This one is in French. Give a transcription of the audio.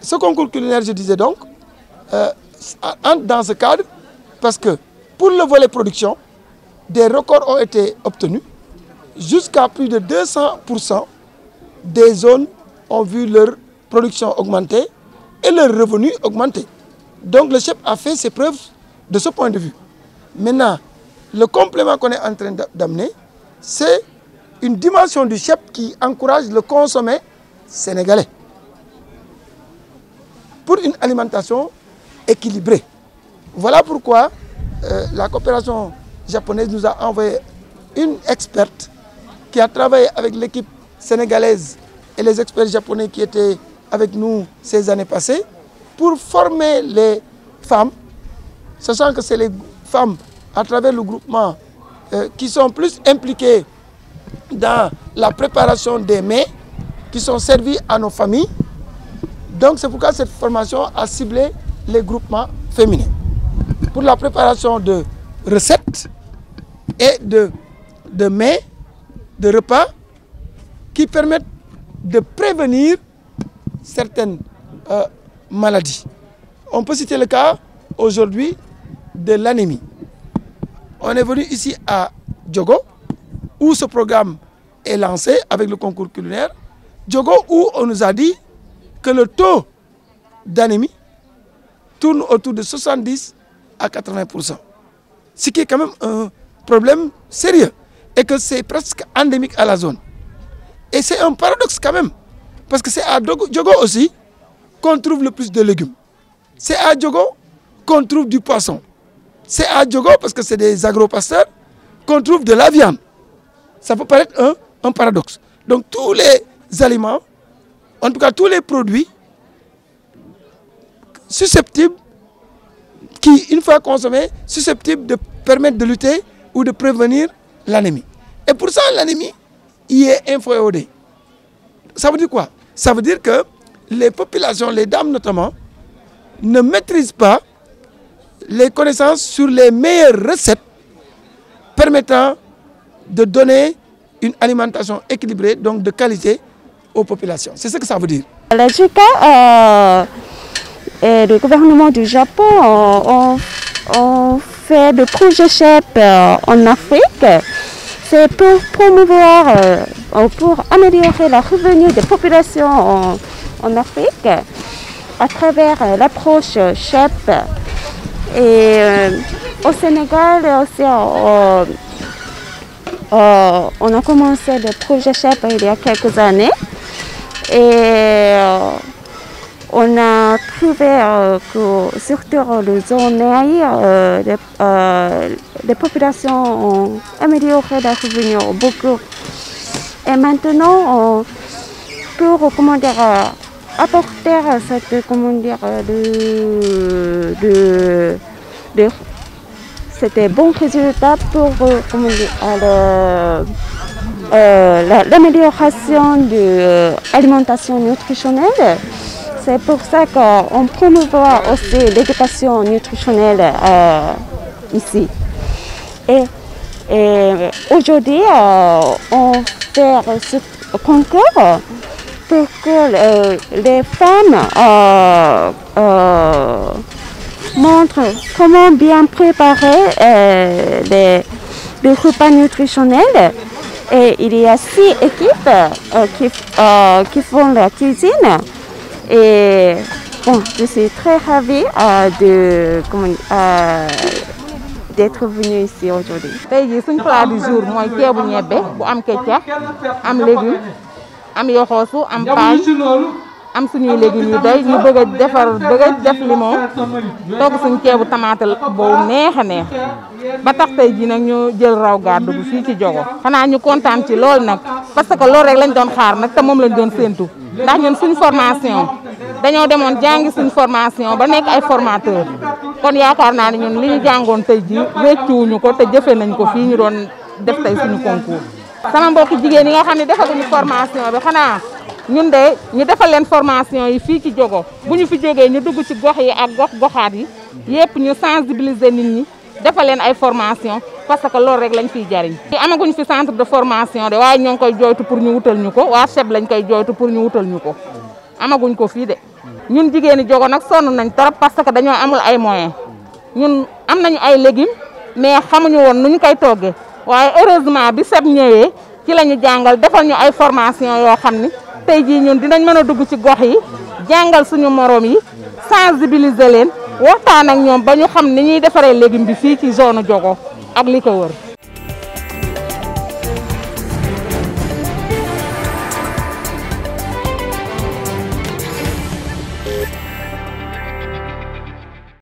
ce concours culinaire, je disais donc, euh, entre dans ce cadre parce que pour le volet production, des records ont été obtenus. Jusqu'à plus de 200% des zones ont vu leur production augmenter et leurs revenus augmenter. Donc le chef a fait ses preuves de ce point de vue. Maintenant, le complément qu'on est en train d'amener, c'est une dimension du chef qui encourage le consommer sénégalais pour une alimentation équilibrée. Voilà pourquoi euh, la coopération japonaise nous a envoyé une experte qui a travaillé avec l'équipe sénégalaise et les experts japonais qui étaient avec nous ces années passées pour former les femmes, sachant que c'est les femmes à travers le groupement euh, qui sont plus impliquées dans la préparation des mets qui sont servis à nos familles donc c'est pourquoi cette formation a ciblé les groupements féminins pour la préparation de recettes et de, de mets, de repas qui permettent de prévenir certaines euh, maladies. On peut citer le cas aujourd'hui de l'anémie. On est venu ici à Djogo où ce programme est lancé avec le concours culinaire. Djogo où on nous a dit le taux d'anémie tourne autour de 70 à 80%. Ce qui est quand même un problème sérieux. Et que c'est presque endémique à la zone. Et c'est un paradoxe quand même. Parce que c'est à Djogo aussi qu'on trouve le plus de légumes. C'est à Djogo qu'on trouve du poisson. C'est à Djogo, parce que c'est des agropasteurs, qu'on trouve de la viande. Ça peut paraître un paradoxe. Donc tous les aliments en tout cas tous les produits susceptibles, qui une fois consommés, susceptibles de permettre de lutter ou de prévenir l'anémie. Et pour ça, l'anémie y est infoéodé. Ça veut dire quoi Ça veut dire que les populations, les dames notamment, ne maîtrisent pas les connaissances sur les meilleures recettes permettant de donner une alimentation équilibrée, donc de qualité, populations. C'est ce que ça veut dire. La JICA euh, et le gouvernement du Japon ont, fait des projets SHEP euh, en Afrique. C'est pour promouvoir, euh, pour améliorer la revenu des populations en, Afrique à travers l'approche chef Et au Sénégal aussi, on, a commencé des projets SHEP il y a quelques années. Et euh, on a trouvé euh, que surtout les zones aériennes, les, euh, populations ont amélioré la souvenir beaucoup. Et maintenant, on peut recommander apporter cette comment dire, de, c'était bon résultat pour euh, euh, euh, l'amélioration de l'alimentation nutritionnelle. C'est pour ça qu'on promouvoit aussi l'éducation nutritionnelle ici. Et, aujourd'hui, on fait ce concours pour que les femmes montre comment bien préparer euh, les, les, repas nutritionnels. Et il y a six équipes euh, qui, euh, qui, font la cuisine. Et bon, je suis très ravie euh, de, comment, euh, d'être venu ici aujourd'hui. tey jii suñ du jour mooy ceebu ñebbe bu am kecax am légume am yoxoosu am pain am suñuy léegi yu doy ñu bëgg a defar bëgg a def limon toog suñ ceebu tamaate boobu neex a neex ba tax tey jii nag ñu jël raw gàddu bu fii ci jogo xanaa ñu kontaan ci lool nag parce que loolu rek lañ doon xaar nag te moom lañ doon séentu ndax ñun suñ formation dañoo demoon jàngi suñ formation ba nekk ay formateur kon yaakaar naa ne ñun li ñu jàngoon tey jii wéccuwuñu ko te jëfe nañ ko fii ñu doon def tey suñu concours sama mbokki jigéen nga xam ne defaguñu ñun de ñu defal leen formation yi fii ci Diogo bu ñu fi jógee ñu dugg ci gox yi ak gox goxaat yi yëpp ñu sensibiliser nit ñi defal leen ay formation parce que loolu rek lañ fiy jariñ i amaguñ fi centre de formation de waaye ñoo ngi koy jooytu pour ñu wutal ñu ko waa cheb lañ koy joytu pour ñu wutal ñu ko amaguñ ko fii de ñun jigéeni Diogo nag sonn nañ trop parce que dañoo amul ay moyen ñun am nañu ay légumes mais xamuñu woon nu ñu koy toggee waaye heureusement bi seb ñëwee ci la ñu jàngal defal ñu ay formation yoo xam ni tey jii ñun dinañ mën a dugg ci gox yi jàngal suñu morom yi sensibiliser leen waxtaan ak ñoom ba ñu xam ni ñuy defaree légume bi fii ci zone jogo ak li ko wër